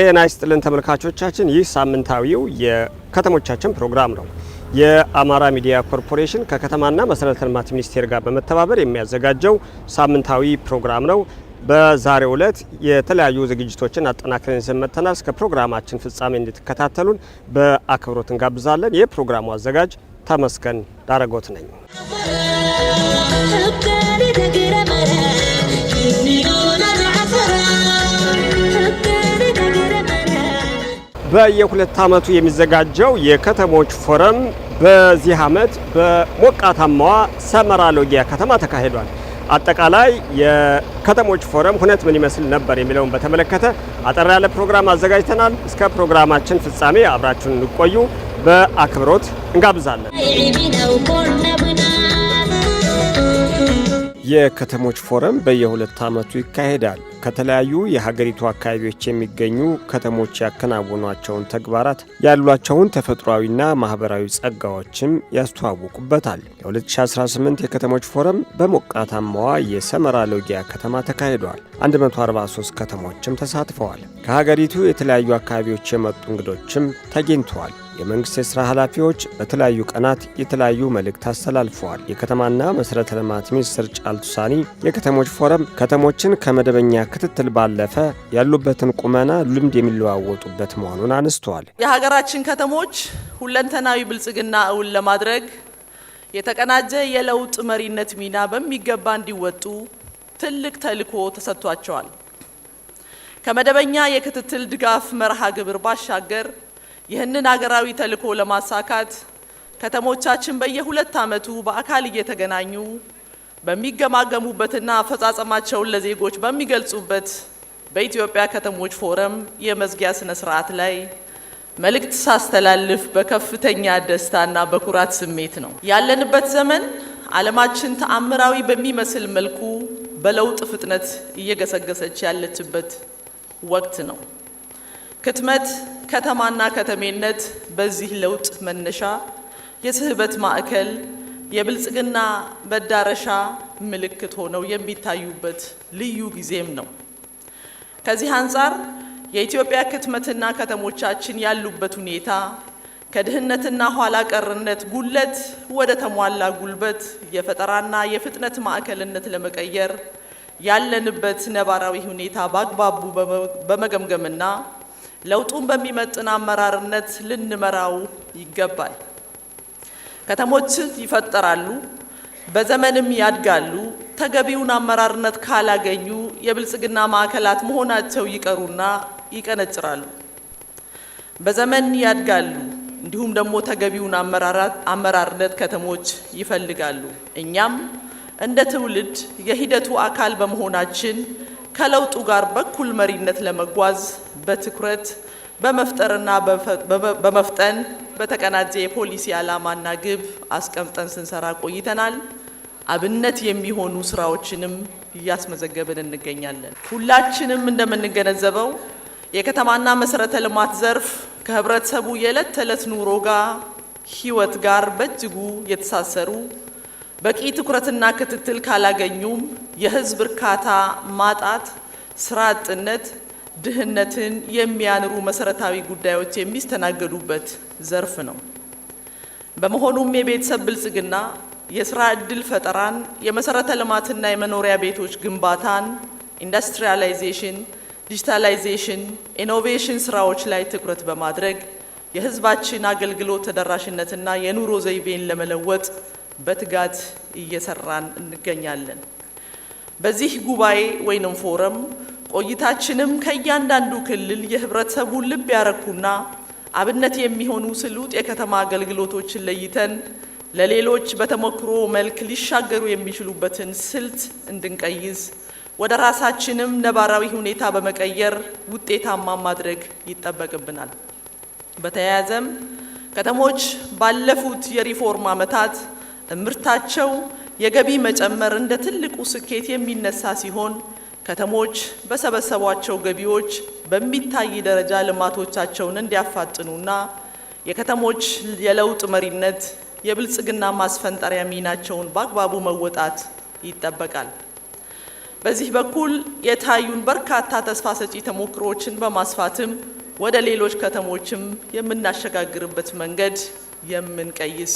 ጤና ይስጥልን ተመልካቾቻችን፣ ይህ ሳምንታዊው የከተሞቻችን ፕሮግራም ነው። የአማራ ሚዲያ ኮርፖሬሽን ከከተማና መሰረተ ልማት ሚኒስቴር ጋር በመተባበር የሚያዘጋጀው ሳምንታዊ ፕሮግራም ነው። በዛሬው ዕለት የተለያዩ ዝግጅቶችን አጠናክረን ይዘን መጥተናል። እስከ ፕሮግራማችን ፍጻሜ እንድትከታተሉን በአክብሮት እንጋብዛለን። የፕሮግራሙ አዘጋጅ ተመስገን ዳረጎት ነኝ። በየሁለት ዓመቱ የሚዘጋጀው የከተሞች ፎረም በዚህ ዓመት በሞቃታማዋ ሰመራ ሎጊያ ከተማ ተካሂዷል። አጠቃላይ የከተሞች ፎረም ሁነት ምን ይመስል ነበር የሚለውን በተመለከተ አጠር ያለ ፕሮግራም አዘጋጅተናል። እስከ ፕሮግራማችን ፍጻሜ አብራችሁን እንቆዩ በአክብሮት እንጋብዛለን። የከተሞች ፎረም በየሁለት ዓመቱ ይካሄዳል። ከተለያዩ የሀገሪቱ አካባቢዎች የሚገኙ ከተሞች ያከናውኗቸውን ተግባራት፣ ያሏቸውን ተፈጥሯዊና ማኅበራዊ ጸጋዎችም ያስተዋውቁበታል። የ2018 የከተሞች ፎረም በሞቃታማዋ የሰመራ ሎጊያ ከተማ ተካሂዷል። 143 ከተሞችም ተሳትፈዋል። ከሀገሪቱ የተለያዩ አካባቢዎች የመጡ እንግዶችም ተገኝተዋል። የመንግሥት የሥራ ኃላፊዎች በተለያዩ ቀናት የተለያዩ መልእክት አስተላልፈዋል። የከተማና መሠረተ ልማት ሚኒስትር ጫልቱ ሳኒ የከተሞች ፎረም ከተሞችን ከመደበኛ ክትትል ባለፈ ያሉበትን ቁመና ልምድ የሚለዋወጡበት መሆኑን አንስተዋል። የሀገራችን ከተሞች ሁለንተናዊ ብልጽግና እውን ለማድረግ የተቀናጀ የለውጥ መሪነት ሚና በሚገባ እንዲወጡ ትልቅ ተልዕኮ ተሰጥቷቸዋል። ከመደበኛ የክትትል ድጋፍ መርሃ ግብር ባሻገር ይህንን ሀገራዊ ተልእኮ ለማሳካት ከተሞቻችን በየሁለት ዓመቱ በአካል እየተገናኙ በሚገማገሙበትና አፈጻጸማቸውን ለዜጎች በሚገልጹበት በኢትዮጵያ ከተሞች ፎረም የመዝጊያ ስነ ስርዓት ላይ መልእክት ሳስተላልፍ በከፍተኛ ደስታና በኩራት ስሜት ነው። ያለንበት ዘመን ዓለማችን ተአምራዊ በሚመስል መልኩ በለውጥ ፍጥነት እየገሰገሰች ያለችበት ወቅት ነው። ክትመት ከተማና ከተሜነት በዚህ ለውጥ መነሻ የስህበት ማዕከል የብልጽግና መዳረሻ ምልክት ሆነው የሚታዩበት ልዩ ጊዜም ነው። ከዚህ አንጻር የኢትዮጵያ ክትመትና ከተሞቻችን ያሉበት ሁኔታ ከድህነትና ኋላ ቀርነት ጉለት ወደ ተሟላ ጉልበት የፈጠራና የፍጥነት ማዕከልነት ለመቀየር ያለንበት ነባራዊ ሁኔታ በአግባቡ በመገምገምና ለውጡን በሚመጥን አመራርነት ልንመራው ይገባል። ከተሞች ይፈጠራሉ፣ በዘመንም ያድጋሉ። ተገቢውን አመራርነት ካላገኙ የብልጽግና ማዕከላት መሆናቸው ይቀሩና ይቀነጭራሉ። በዘመን ያድጋሉ፣ እንዲሁም ደግሞ ተገቢውን አመራርነት ከተሞች ይፈልጋሉ። እኛም እንደ ትውልድ የሂደቱ አካል በመሆናችን ከለውጡ ጋር በኩል መሪነት ለመጓዝ በትኩረት በመፍጠርና በመፍጠን በተቀናጀ የፖሊሲ ዓላማና ግብ አስቀምጠን ስንሰራ ቆይተናል። አብነት የሚሆኑ ስራዎችንም እያስመዘገብን እንገኛለን። ሁላችንም እንደምንገነዘበው የከተማና መሰረተ ልማት ዘርፍ ከህብረተሰቡ የዕለት ተዕለት ኑሮ ጋር ህይወት ጋር በእጅጉ የተሳሰሩ በቂ ትኩረትና ክትትል ካላገኙም የህዝብ እርካታ ማጣት፣ ስራ አጥነት፣ ድህነትን የሚያንሩ መሰረታዊ ጉዳዮች የሚስተናገዱበት ዘርፍ ነው። በመሆኑም የቤተሰብ ብልጽግና የስራ ዕድል ፈጠራን፣ የመሰረተ ልማትና የመኖሪያ ቤቶች ግንባታን፣ ኢንዱስትሪያላይዜሽን፣ ዲጂታላይዜሽን፣ ኢኖቬሽን ስራዎች ላይ ትኩረት በማድረግ የህዝባችን አገልግሎት ተደራሽነትና የኑሮ ዘይቤን ለመለወጥ በትጋት እየሰራን እንገኛለን። በዚህ ጉባኤ ወይንም ፎረም ቆይታችንም ከእያንዳንዱ ክልል የህብረተሰቡን ልብ ያረኩና አብነት የሚሆኑ ስሉጥ የከተማ አገልግሎቶችን ለይተን ለሌሎች በተሞክሮ መልክ ሊሻገሩ የሚችሉበትን ስልት እንድንቀይዝ ወደ ራሳችንም ነባራዊ ሁኔታ በመቀየር ውጤታማ ማድረግ ይጠበቅብናል። በተያያዘም ከተሞች ባለፉት የሪፎርም ዓመታት ምርታቸው የገቢ መጨመር እንደ ትልቁ ስኬት የሚነሳ ሲሆን ከተሞች በሰበሰቧቸው ገቢዎች በሚታይ ደረጃ ልማቶቻቸውን እንዲያፋጥኑና የከተሞች የለውጥ መሪነት የብልጽግና ማስፈንጠሪያ ሚናቸውን በአግባቡ መወጣት ይጠበቃል። በዚህ በኩል የታዩን በርካታ ተስፋ ሰጪ ተሞክሮዎችን በማስፋትም ወደ ሌሎች ከተሞችም የምናሸጋግርበት መንገድ የምንቀይስ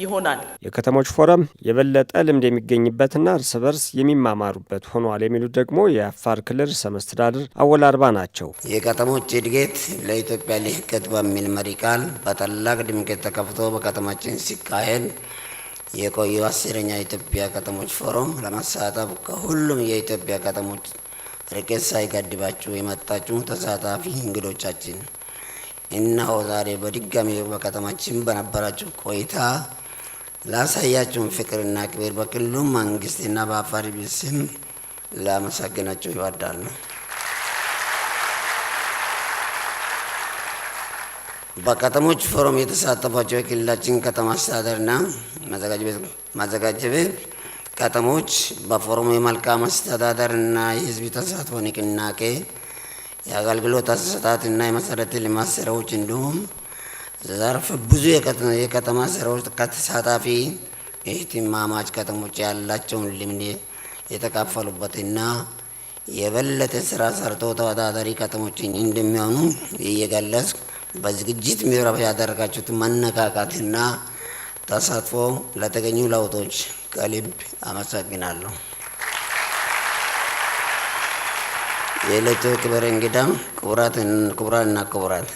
ይሆናል። የከተሞች ፎረም የበለጠ ልምድ የሚገኝበትና እርስ በርስ የሚማማሩበት ሆኗል የሚሉት ደግሞ የአፋር ክልል ርዕሰ መስተዳድር አወል አርባ ናቸው። የከተሞች እድገት ለኢትዮጵያ ልህቀት በሚል መሪ ቃል በታላቅ ድምቀት ተከፍቶ በከተማችን ሲካሄድ የቆየው አስረኛ የኢትዮጵያ ከተሞች ፎረም ለመሳተፍ ከሁሉም የኢትዮጵያ ከተሞች ርቀት ሳይገድባችሁ የመጣችሁ ተሳታፊ እንግዶቻችን እነሆ ዛሬ በድጋሚ በከተማችን በነበራችሁ ቆይታ ላሳያችሁን ፍቅርና ክብር በክልሉ መንግስትና በአፋር ሕዝብ ስም ላመሰግናችሁ ይወዳሉ። በከተሞች ፎረም የተሳተፏቸው የክልላችን ከተማ አስተዳደርና ማዘጋጀ ቤት ከተሞች በፎረሙ የመልካም አስተዳደርና የህዝብ ተሳትፎ ንቅናቄ የአገልግሎት አሰጣጥና የመሰረተ ልማት ስራዎች እንዲሁም ዘርፍ ብዙ የከተማ ስራዎች ከተሳታፊ የእህትማማች ከተሞች ያላቸውን ልምድ የተካፈሉበትና የበለጠ ስራ ሰርቶ ተወዳዳሪ ከተሞችን እንደሚሆኑ እየገለጽ በዝግጅት ምዕራፍ ያደረጋችሁት መነቃቃትና ተሳትፎ ለተገኙ ለውጦች ከልብ አመሰግናለሁ። የዕለቱ ክብር እንግዳም ክቡራትና ክቡራት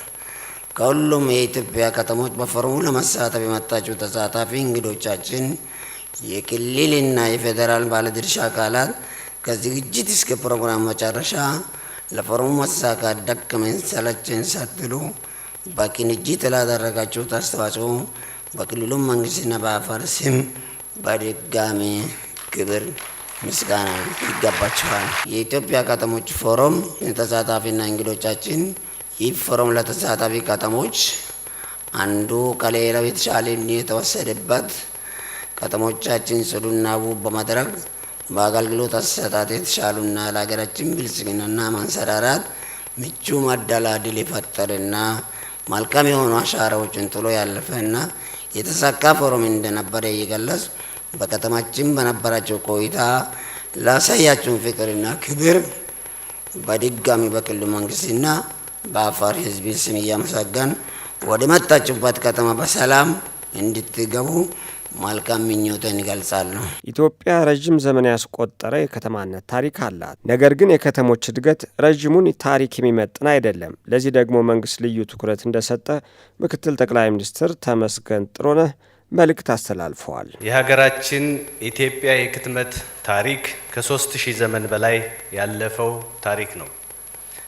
ከሁሉም የኢትዮጵያ ከተሞች በፎረሙ ለመሳተፍ የመጣችሁ ተሳታፊ እንግዶቻችን፣ የክልልና የፌዴራል ባለድርሻ አካላት ከዝግጅት እስከ ፕሮግራም መጨረሻ ለፎረሙ መሳካት ደከመን ሰለቸን ሳትሉ በቅንጅት ላደረጋችሁት አስተዋጽኦ በክልሉ መንግስትና በአፋር ስም በድጋሚ ክብር ምስጋና ይገባችኋል። የኢትዮጵያ ከተሞች ፎረም ተሳታፊና እንግዶቻችን ይህ ፎረም ለተሳታፊ ከተሞች አንዱ ከሌላው የተሻለ የተወሰደበት ከተሞቻችን ጽዱና ውብ በማድረግ በአገልግሎት አሰጣጥ የተሻሉና ለሀገራችን ብልጽግናና ማንሰራራት ምቹ መደላድል የፈጠረና መልካም የሆኑ አሻራዎችን ጥሎ ያለፈና የተሳካ ፎረም እንደነበረ እየገለጽ በከተማችን በነበራቸው ቆይታ ላሳያችሁን ፍቅርና ክብር በድጋሚ በክልሉ መንግስትና በአፋር ህዝብ ስም እያመሰገን ወደ መጣችሁበት ከተማ በሰላም እንድትገቡ መልካም ምኞትን ይገልጻሉ። ኢትዮጵያ ረዥም ዘመን ያስቆጠረ የከተማነት ታሪክ አላት። ነገር ግን የከተሞች እድገት ረዥሙን ታሪክ የሚመጥን አይደለም። ለዚህ ደግሞ መንግስት ልዩ ትኩረት እንደሰጠ ምክትል ጠቅላይ ሚኒስትር ተመስገን ጥሩነህ መልእክት አስተላልፈዋል። የሀገራችን ኢትዮጵያ የክትመት ታሪክ ከሶስት ሺህ ዘመን በላይ ያለፈው ታሪክ ነው።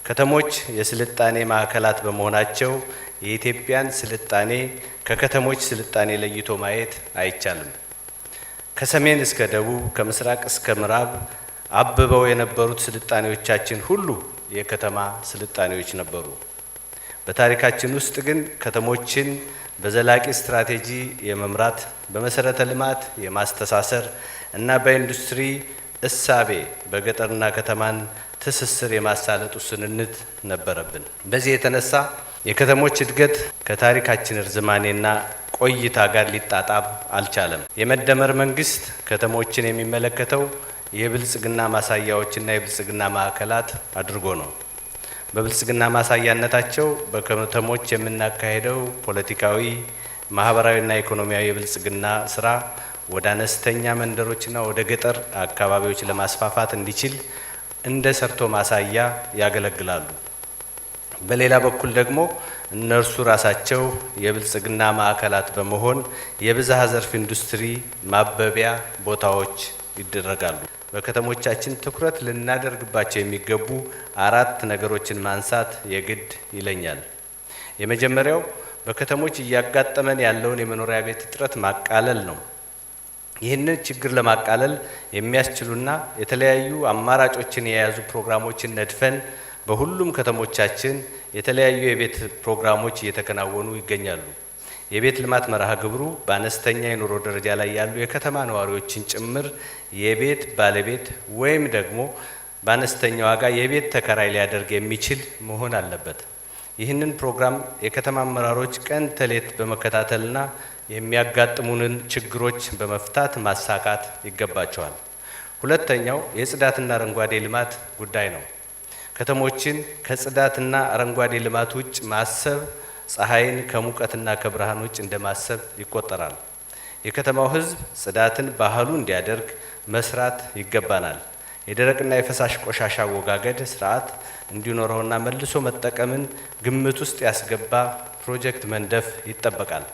ከተሞች የስልጣኔ ማዕከላት በመሆናቸው የኢትዮጵያን ስልጣኔ ከከተሞች ስልጣኔ ለይቶ ማየት አይቻልም። ከሰሜን እስከ ደቡብ፣ ከምስራቅ እስከ ምዕራብ አብበው የነበሩት ስልጣኔዎቻችን ሁሉ የከተማ ስልጣኔዎች ነበሩ። በታሪካችን ውስጥ ግን ከተሞችን በዘላቂ ስትራቴጂ የመምራት በመሰረተ ልማት የማስተሳሰር እና በኢንዱስትሪ እሳቤ በገጠርና ከተማን ትስስር የማሳለጡ ውስንነት ነበረብን። በዚህ የተነሳ የከተሞች እድገት ከታሪካችን እርዝማኔና ቆይታ ጋር ሊጣጣም አልቻለም። የመደመር መንግስት ከተሞችን የሚመለከተው የብልጽግና ማሳያዎችና የብልጽግና ማዕከላት አድርጎ ነው። በብልጽግና ማሳያነታቸው በከተሞች የምናካሄደው ፖለቲካዊ፣ ማህበራዊና ኢኮኖሚያዊ የብልጽግና ስራ ወደ አነስተኛ መንደሮችና ወደ ገጠር አካባቢዎች ለማስፋፋት እንዲችል እንደ ሰርቶ ማሳያ ያገለግላሉ። በሌላ በኩል ደግሞ እነርሱ ራሳቸው የብልጽግና ማዕከላት በመሆን የብዝሃ ዘርፍ ኢንዱስትሪ ማበቢያ ቦታዎች ይደረጋሉ። በከተሞቻችን ትኩረት ልናደርግባቸው የሚገቡ አራት ነገሮችን ማንሳት የግድ ይለኛል። የመጀመሪያው በከተሞች እያጋጠመን ያለውን የመኖሪያ ቤት እጥረት ማቃለል ነው። ይህንን ችግር ለማቃለል የሚያስችሉና የተለያዩ አማራጮችን የያዙ ፕሮግራሞችን ነድፈን በሁሉም ከተሞቻችን የተለያዩ የቤት ፕሮግራሞች እየተከናወኑ ይገኛሉ። የቤት ልማት መርሃ ግብሩ በአነስተኛ የኑሮ ደረጃ ላይ ያሉ የከተማ ነዋሪዎችን ጭምር የቤት ባለቤት ወይም ደግሞ በአነስተኛ ዋጋ የቤት ተከራይ ሊያደርግ የሚችል መሆን አለበት። ይህንን ፕሮግራም የከተማ አመራሮች ቀን ተሌት በመከታተልና የሚያጋጥሙንን ችግሮች በመፍታት ማሳካት ይገባቸዋል። ሁለተኛው የጽዳትና አረንጓዴ ልማት ጉዳይ ነው። ከተሞችን ከጽዳትና አረንጓዴ ልማት ውጭ ማሰብ ፀሐይን ከሙቀትና ከብርሃን ውጭ እንደ ማሰብ ይቆጠራል። የከተማው ሕዝብ ጽዳትን ባህሉ እንዲያደርግ መስራት ይገባናል። የደረቅና የፈሳሽ ቆሻሻ አወጋገድ ስርዓት እንዲኖረውና መልሶ መጠቀምን ግምት ውስጥ ያስገባ ፕሮጀክት መንደፍ ይጠበቃል።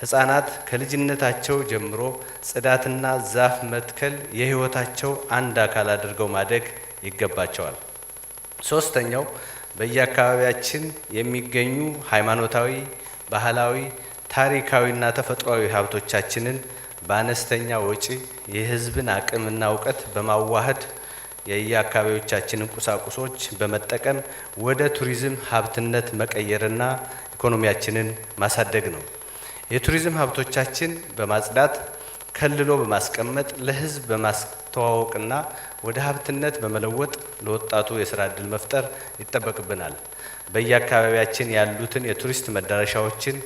ህጻናት ከልጅነታቸው ጀምሮ ጽዳትና ዛፍ መትከል የህይወታቸው አንድ አካል አድርገው ማደግ ይገባቸዋል። ሶስተኛው በየአካባቢያችን የሚገኙ ሃይማኖታዊ፣ ባህላዊ፣ ታሪካዊና ተፈጥሯዊ ሀብቶቻችንን በአነስተኛ ወጪ የህዝብን አቅምና እውቀት በማዋሃድ የየአካባቢዎቻችንን ቁሳቁሶች በመጠቀም ወደ ቱሪዝም ሀብትነት መቀየርና ኢኮኖሚያችንን ማሳደግ ነው። የቱሪዝም ሀብቶቻችን በማጽዳት ከልሎ በማስቀመጥ ለህዝብ በማስተዋወቅና ወደ ሀብትነት በመለወጥ ለወጣቱ የስራ እድል መፍጠር ይጠበቅብናል። በየአካባቢያችን ያሉትን የቱሪስት መዳረሻዎችን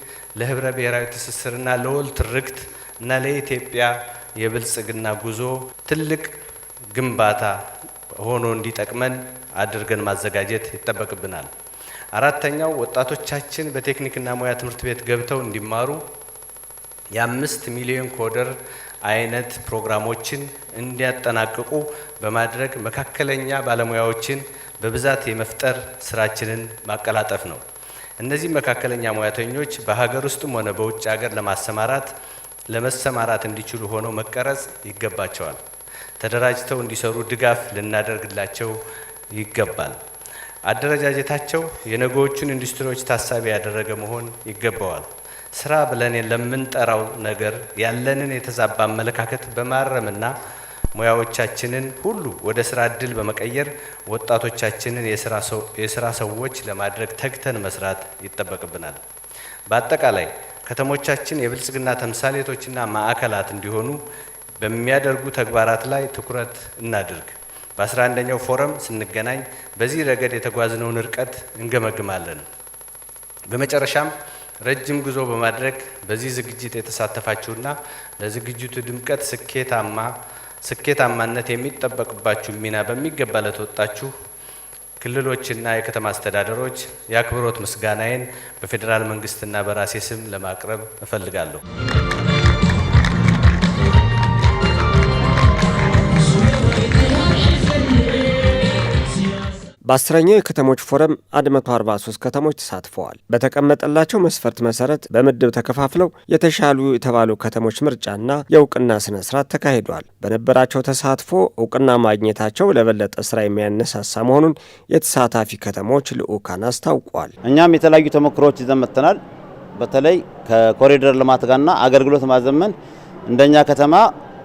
ለህብረ ብሔራዊ ትስስርና ለወል ትርክት እና ለኢትዮጵያ የብልጽግና ጉዞ ትልቅ ግንባታ ሆኖ እንዲጠቅመን አድርገን ማዘጋጀት ይጠበቅብናል። አራተኛው ወጣቶቻችን በቴክኒክና ሙያ ትምህርት ቤት ገብተው እንዲማሩ የአምስት ሚሊዮን ኮደር አይነት ፕሮግራሞችን እንዲያጠናቅቁ በማድረግ መካከለኛ ባለሙያዎችን በብዛት የመፍጠር ስራችንን ማቀላጠፍ ነው። እነዚህ መካከለኛ ሙያተኞች በሀገር ውስጥም ሆነ በውጭ ሀገር ለማሰማራት ለመሰማራት እንዲችሉ ሆነው መቀረጽ ይገባቸዋል። ተደራጅተው እንዲሰሩ ድጋፍ ልናደርግላቸው ይገባል። አደረጃጀታቸው የነገዎቹን ኢንዱስትሪዎች ታሳቢ ያደረገ መሆን ይገባዋል። ስራ ብለን ለምንጠራው ነገር ያለንን የተዛባ አመለካከት በማረምና ሙያዎቻችንን ሁሉ ወደ ስራ እድል በመቀየር ወጣቶቻችንን የስራ ሰዎች ለማድረግ ተግተን መስራት ይጠበቅብናል። በአጠቃላይ ከተሞቻችን የብልጽግና ተምሳሌቶችና ማዕከላት እንዲሆኑ በሚያደርጉ ተግባራት ላይ ትኩረት እናድርግ። በ11ኛው ፎረም ስንገናኝ በዚህ ረገድ የተጓዝነውን ርቀት እንገመግማለን። በመጨረሻም ረጅም ጉዞ በማድረግ በዚህ ዝግጅት የተሳተፋችሁና ለዝግጅቱ ድምቀት ስኬታማ ስኬታማነት የሚጠበቅባችሁ ሚና በሚገባ ለተወጣችሁ ክልሎችና የከተማ አስተዳደሮች የአክብሮት ምስጋናዬን በፌዴራል መንግስትና በራሴ ስም ለማቅረብ እፈልጋለሁ። በአስረኛው የከተሞች ፎረም 143 ከተሞች ተሳትፈዋል። በተቀመጠላቸው መስፈርት መሰረት በምድብ ተከፋፍለው የተሻሉ የተባሉ ከተሞች ምርጫና የእውቅና ስነ ስርዓት ተካሂዷል። በነበራቸው ተሳትፎ እውቅና ማግኘታቸው ለበለጠ ስራ የሚያነሳሳ መሆኑን የተሳታፊ ከተሞች ልዑካን አስታውቋል። እኛም የተለያዩ ተሞክሮዎች ይዘን መጥተናል። በተለይ ከኮሪደር ልማት ጋርና አገልግሎት ማዘመን እንደኛ ከተማ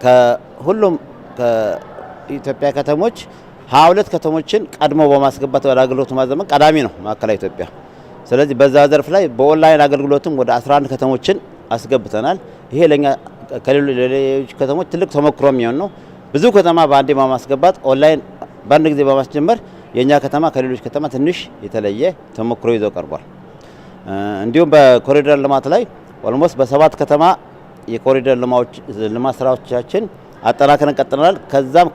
ከሁሉም ከኢትዮጵያ ከተሞች ሀያ ሁለት ከተሞችን ቀድሞ በማስገባት ወደ አገልግሎቱ ማዘመን ቀዳሚ ነው ማዕከላዊ ኢትዮጵያ። ስለዚህ በዛ ዘርፍ ላይ በኦንላይን አገልግሎትም ወደ 11 ከተሞችን አስገብተናል። ይሄ ለኛ ከሌሎች ከተሞች ትልቅ ተሞክሮ የሚሆን ነው። ብዙ ከተማ በአንዴ በማስገባት ኦንላይን በአንድ ጊዜ በማስጀመር የእኛ ከተማ ከሌሎች ከተማ ትንሽ የተለየ ተሞክሮ ይዞ ቀርቧል። እንዲሁም በኮሪደር ልማት ላይ ኦልሞስት በሰባት ከተማ የኮሪደር ልማት ስራዎቻችን አጠናክረን ቀጥለናል። ከዛም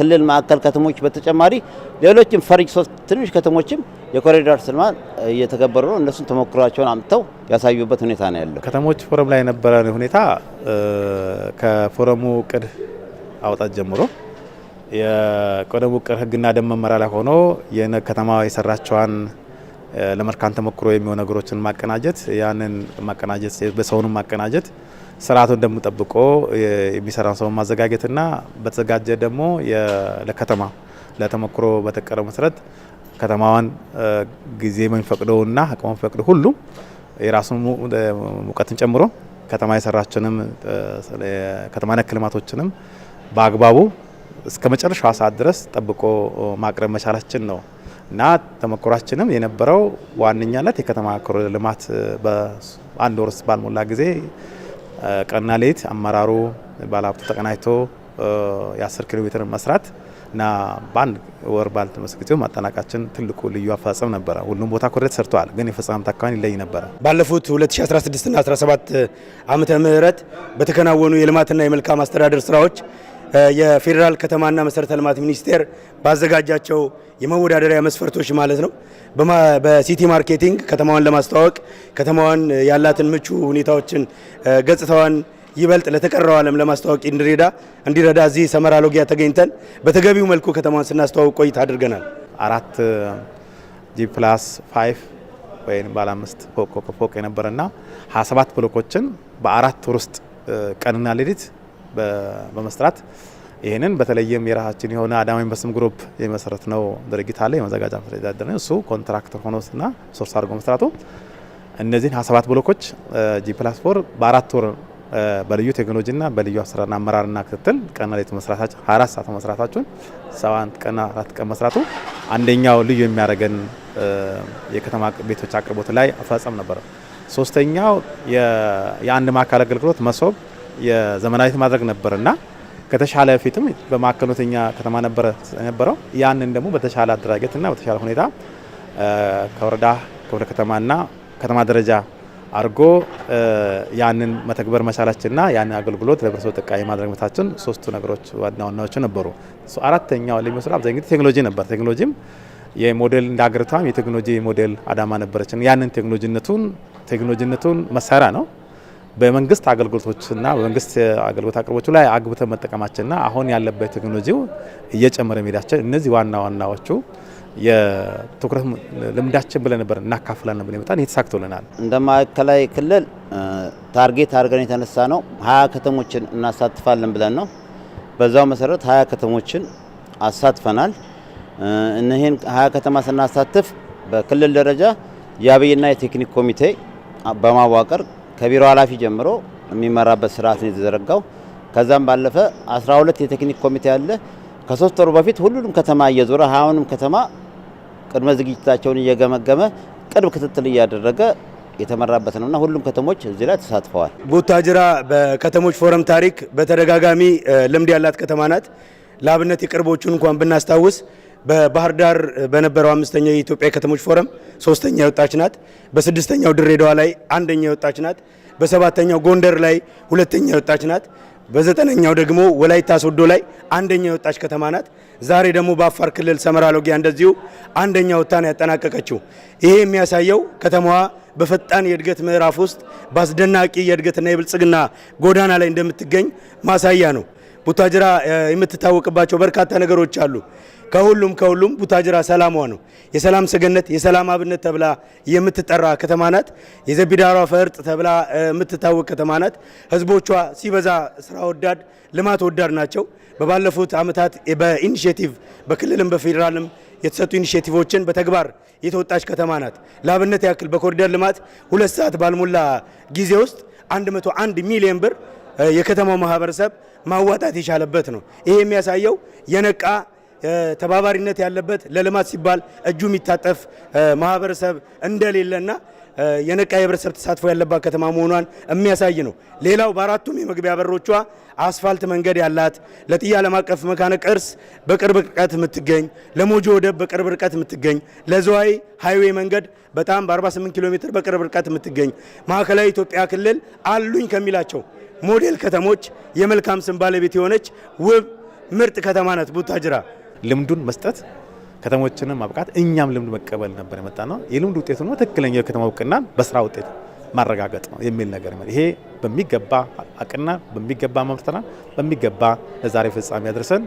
ከክልል ማዕከል ከተሞች በተጨማሪ ሌሎችም ፈሪጅ ሶስት ትንሽ ከተሞችም የኮሪደር ስልማት እየተገበሩ ነው። እነሱን ተሞክሯቸውን አምጥተው ያሳዩበት ሁኔታ ነው ያለው። ከተሞች ፎረም ላይ የነበረ ሁኔታ ከፎረሙ እቅድ አውጣት ጀምሮ የቀደሙ እቅድ ህግና ደንብ መመሪያ ላይ ሆኖ የነገ ከተማ የሰራቸዋን ለመልካም ተሞክሮ የሚሆኑ ነገሮችን ማቀናጀት ያንን ማቀናጀት በሰውንም ማቀናጀት ስርዓቱን እንደምጠብቆ ጠብቆ የሚሰራን ሰው ማዘጋጀትና በተዘጋጀ ደግሞ ለከተማ ለተሞክሮ በተቀረው መሰረት ከተማዋን ጊዜ የሚፈቅደውና አቅም ፈቅደው ሁሉም የራሱን ሙቀትን ጨምሮ ከተማ የሰራችንም ከተማ ነክ ልማቶችንም በአግባቡ እስከ መጨረሻዋ ሰዓት ድረስ ጠብቆ ማቅረብ መቻላችን ነው እና ተሞክሯችንም የነበረው ዋነኛነት የከተማ ኮሪደር ልማት በአንድ ወር ውስጥ ባልሞላ ጊዜ ቀና ሌት አመራሩ ባለሀብቱ ተቀናጅቶ የአስር ኪሎ ሜትር መስራት እና በአንድ ወር ባል መስክቶ ማጠናቃችን ትልቁ ልዩ አፈጻጸም ነበረ። ሁሉም ቦታ ኮሬት ሰርተዋል፣ ግን የፈጻም ታካን ይለይ ነበረ። ባለፉት 2016 እና 17 ዓመተ ምህረት በተከናወኑ የልማትና የመልካም አስተዳደር ስራዎች የፌዴራል ከተማና መሰረተ ልማት ሚኒስቴር ባዘጋጃቸው የመወዳደሪያ መስፈርቶች ማለት ነው። በሲቲ ማርኬቲንግ ከተማዋን ለማስተዋወቅ ከተማዋን ያላትን ምቹ ሁኔታዎችን ገጽታዋን ይበልጥ ለተቀረው ዓለም ለማስተዋወቅ እንዲረዳ እንዲረዳ እዚህ ሰመራ ሎጊያ ተገኝተን በተገቢው መልኩ ከተማዋን ስናስተዋውቅ ቆይታ አድርገናል። አራት ጂ ፕላስ ፋይቭ ወይም ባለ አምስት ፎቅ የነበረና 27 ብሎኮችን በአራት ወር ውስጥ ቀንና ሌሊት በመስራት ይህንን በተለይም የራሳችን የሆነ አዳማ ኢንቨስትም ግሩፕ የመሰረት ነው ድርጊት አለ የመዘጋጃ ነው እሱ ኮንትራክተር ሆኖ ና ሶርስ አድርጎ መስራቱ እነዚህን ሀያ ሰባት ብሎኮች ጂ ፕላስ ፎር በአራት ወር በልዩ ቴክኖሎጂ ና በልዩ አሰራርና አመራርና ክትትል ቀና ሌት መስራታችን ሀያ አራት ሰዓት መስራታችን ሰባ ቀና አራት ቀን መስራቱ አንደኛው ልዩ የሚያደርገን የከተማ ቤቶች አቅርቦት ላይ አፈጸም ነበረ። ሶስተኛው የአንድ ማዕከል አገልግሎት መሶብ የዘመናዊት ማድረግ ነበርና ከተሻለ ፊትም በማዕከልነተኛ ከተማ ነበረ የነበረው ያንን ደግሞ በተሻለ አደራጀትና በተሻለ ሁኔታ ከወረዳ ከወደ ከተማና ከተማ ደረጃ አድርጎ ያንን መተግበር መቻላችንና ያንን አገልግሎት ለህብረተሰቡ ጠቃሚ ማድረግ መታችን ሶስቱ ነገሮች ዋና ዋናዎቹ ነበሩ። አራተኛው ልዩ ስራ አብዛኛው ቴክኖሎጂ ነበር። ቴክኖሎጂም የሞዴል እንደ ሀገሪቷም የቴክኖሎጂ ሞዴል አዳማ ነበረችን። ያንን ቴክኖሎጂነቱን ቴክኖሎጂነቱን መሳሪያ ነው በመንግስት አገልግሎቶችና በመንግስት አገልግሎት አቅርቦቹ ላይ አግብተ መጠቀማችንና አሁን ያለበት ቴክኖሎጂው እየጨመረ መሄዳችን እነዚህ ዋና ዋናዎቹ የትኩረት ልምዳችን ብለን ነበር እናካፍላለን ብለን መጣን። የተሳክቶልናል። እንደ ማዕከላዊ ክልል ታርጌት አድርገን የተነሳ ነው ሀያ ከተሞችን እናሳትፋለን ብለን ነው። በዛው መሰረት ሀያ ከተሞችን አሳትፈናል። እነህን ሀያ ከተማ ስናሳትፍ በክልል ደረጃ የአብይና የቴክኒክ ኮሚቴ በማዋቀር ከቢሮ ኃላፊ ጀምሮ የሚመራበት ስርዓት ነው የተዘረጋው። ከዛም ባለፈ 12 የቴክኒክ ኮሚቴ አለ። ከሶስት ወሩ በፊት ሁሉንም ከተማ እየዞረ ሀያውንም ከተማ ቅድመ ዝግጅታቸውን እየገመገመ ቅርብ ክትትል እያደረገ የተመራበት እና ሁሉም ከተሞች እዚህ ላይ ተሳትፈዋል። ቡታጅራ በከተሞች ፎረም ታሪክ በተደጋጋሚ ልምድ ያላት ከተማ ናት። ለአብነት የቅርቦቹን እንኳን ብናስታውስ በባህር ዳር በነበረው አምስተኛው የኢትዮጵያ ከተሞች ፎረም ሶስተኛ የወጣች ናት። በስድስተኛው ድሬዳዋ ላይ አንደኛ የወጣች ናት። በሰባተኛው ጎንደር ላይ ሁለተኛ የወጣች ናት። በዘጠነኛው ደግሞ ወላይታ ሶዶ ላይ አንደኛ የወጣች ከተማ ናት። ዛሬ ደግሞ በአፋር ክልል ሰመራ ሎጊያ እንደዚሁ አንደኛ ነው ያጠናቀቀችው። ይሄ የሚያሳየው ከተማዋ በፈጣን የእድገት ምዕራፍ ውስጥ በአስደናቂ የእድገትና የብልጽግና ጎዳና ላይ እንደምትገኝ ማሳያ ነው። ቡታጅራ የምትታወቅባቸው በርካታ ነገሮች አሉ። ከሁሉም ከሁሉም ቡታጅራ ሰላሟ ነው። የሰላም ሰገነት የሰላም አብነት ተብላ የምትጠራ ከተማ ናት። የዘቢዳሯ ፈርጥ ተብላ የምትታወቅ ከተማ ናት። ህዝቦቿ ሲበዛ ስራ ወዳድ፣ ልማት ወዳድ ናቸው። በባለፉት አመታት በኢኒሽቲቭ በክልልም በፌዴራልም የተሰጡ ኢኒሽቲቮችን በተግባር የተወጣች ከተማ ናት። ለአብነት ያክል በኮሪደር ልማት ሁለት ሰዓት ባልሞላ ጊዜ ውስጥ 101 ሚሊዮን ብር የከተማው ማህበረሰብ ማዋጣት የቻለበት ነው። ይሄ የሚያሳየው የነቃ ተባባሪነት ያለበት ለልማት ሲባል እጁ የሚታጠፍ ማህበረሰብ እንደሌለና የነቃ የህብረተሰብ ተሳትፎ ያለባት ከተማ መሆኗን የሚያሳይ ነው። ሌላው በአራቱም የመግቢያ በሮቿ አስፋልት መንገድ ያላት ለጥያ ዓለም አቀፍ መካነ ቅርስ በቅርብ ርቀት የምትገኝ ለሞጆ ወደብ በቅርብ ርቀት የምትገኝ ለዘዋይ ሃይዌይ መንገድ በጣም በ48 ኪሎ ሜትር በቅርብ ርቀት የምትገኝ ማዕከላዊ ኢትዮጵያ ክልል አሉኝ ከሚላቸው ሞዴል ከተሞች የመልካም ስም ባለቤት የሆነች ውብ ምርጥ ከተማ ናት ቡታጅራ። ልምዱን መስጠት ከተሞችን ማብቃት እኛም ልምድ መቀበል ነበር የመጣ ነው። የልምድ ውጤቱ ሆኖ ትክክለኛ የከተማ እውቅና በስራ ውጤት ማረጋገጥ ነው የሚል ነገር ይሄ በሚገባ አቅና በሚገባ መምርተናል በሚገባ ለዛሬ ፍጻሜ ያደርሰን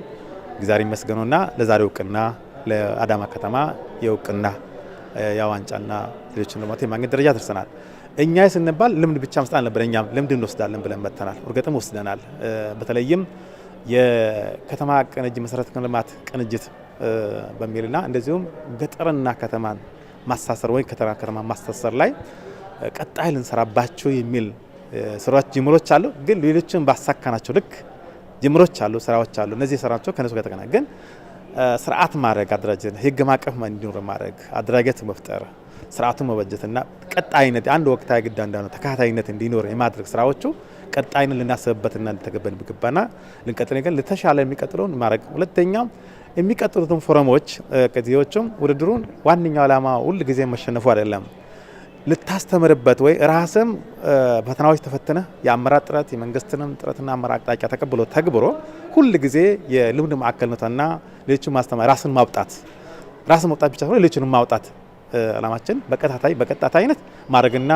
እግዚአብሔር ይመስገነውና ለዛሬ እውቅና ለአዳማ ከተማ የእውቅና የዋንጫና ሌሎችን ልማት የማግኘት ደረጃ ደርሰናል። እኛ ስንባል ልምድ ብቻ መስጠት አልነበረ። እኛም ልምድ እንወስዳለን ብለን መጥተናል። እርግጥም ወስደናል። በተለይም የከተማ ቅንጅት መሰረተ ልማት ቅንጅት በሚልና እንደዚሁም ገጠርና ከተማን ማሳሰር ወይም ከተማ ከተማ ማሳሰር ላይ ቀጣይ ልንሰራባቸው የሚል ስራዎች ጅምሮች አሉ። ግን ሌሎችን ባሳካናቸው ልክ ጅምሮች አሉ፣ ስራዎች አሉ። እነዚህ የሰራናቸው ከነሱ ጋር ተገና ግን ስርዓት ማድረግ አደራጀት፣ ህግ ማቀፍ እንዲኖር ማድረግ፣ አደራጀት መፍጠር፣ ስርዓቱን መበጀትና ቀጣይነት አንድ ወቅታዊ ግዳ እንዳሆነ ተካታይነት እንዲኖር የማድረግ ስራዎቹ ቀጣይን ልናስብበትና ልንተገበል የሚገባና ልንቀጥል ግን ለተሻለ የሚቀጥለውን ማድረግ ሁለተኛው የሚቀጥሉትን ፎረሞች ከዚዎችም ውድድሩን ዋነኛው ዓላማ ሁል ጊዜ መሸነፉ አይደለም። ልታስተምርበት ወይ ራስም ፈተናዎች ተፈትነ የአመራር ጥረት የመንግስትንም ጥረትና አመራር አቅጣጫ ተቀብሎ ተግብሮ ሁል ጊዜ የልምድ ማዕከልነትና ሌሎች ማስተማር ራስን ማውጣት ራስን ማውጣት ብቻ ሆነ ሌሎችንም ማውጣት ዓላማችን በቀጣታይ በቀጣታይነት ማድረግና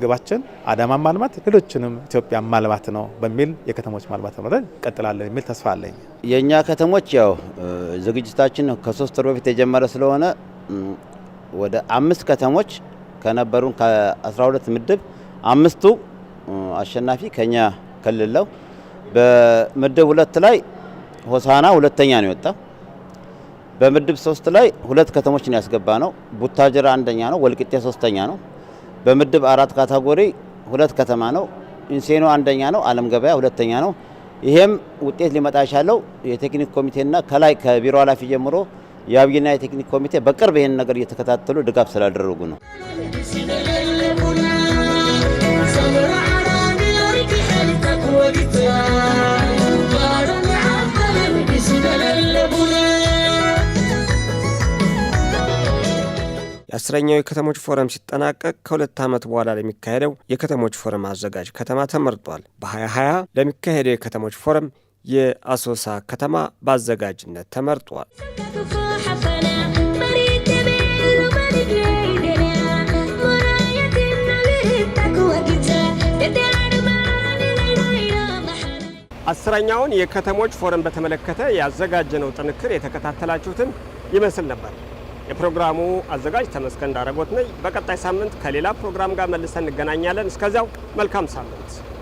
ግባችን አዳማ ማልማት ሌሎችንም ኢትዮጵያ ማልማት ነው በሚል የከተሞች ማልማት ነው እንቀጥላለን የሚል ተስፋ አለኝ። የእኛ ከተሞች ያው ዝግጅታችን ከሶስት ወር በፊት የጀመረ ስለሆነ ወደ አምስት ከተሞች ከነበሩን ከ12 ምድብ አምስቱ አሸናፊ ከኛ ክልል ነው። በምድብ ሁለት ላይ ሆሳና ሁለተኛ ነው የወጣ። በምድብ ሶስት ላይ ሁለት ከተሞች ነው ያስገባ ነው። ቡታጅራ አንደኛ ነው። ወልቂጤ ሶስተኛ ነው። በምድብ አራት ካታጎሪ ሁለት ከተማ ነው። ኢንሴኖ አንደኛ ነው፣ አለም ገበያ ሁለተኛ ነው። ይሄም ውጤት ሊመጣ የቻለው የቴክኒክ ኮሚቴና ከላይ ከቢሮ ኃላፊ ጀምሮ የአብይና የቴክኒክ ኮሚቴ በቅርብ ይህን ነገር እየተከታተሉ ድጋፍ ስላደረጉ ነው። አስረኛው የከተሞች ፎረም ሲጠናቀቅ ከሁለት ዓመት በኋላ ለሚካሄደው የከተሞች ፎረም አዘጋጅ ከተማ ተመርጧል። በ2020 ለሚካሄደው የከተሞች ፎረም የአሶሳ ከተማ በአዘጋጅነት ተመርጧል። አስረኛውን የከተሞች ፎረም በተመለከተ ያዘጋጀነው ጥንክር የተከታተላችሁትን ይመስል ነበር። የፕሮግራሙ አዘጋጅ ተመስገን ዳረጎት ነኝ። በቀጣይ ሳምንት ከሌላ ፕሮግራም ጋር መልሰን እንገናኛለን። እስከዚያው መልካም ሳምንት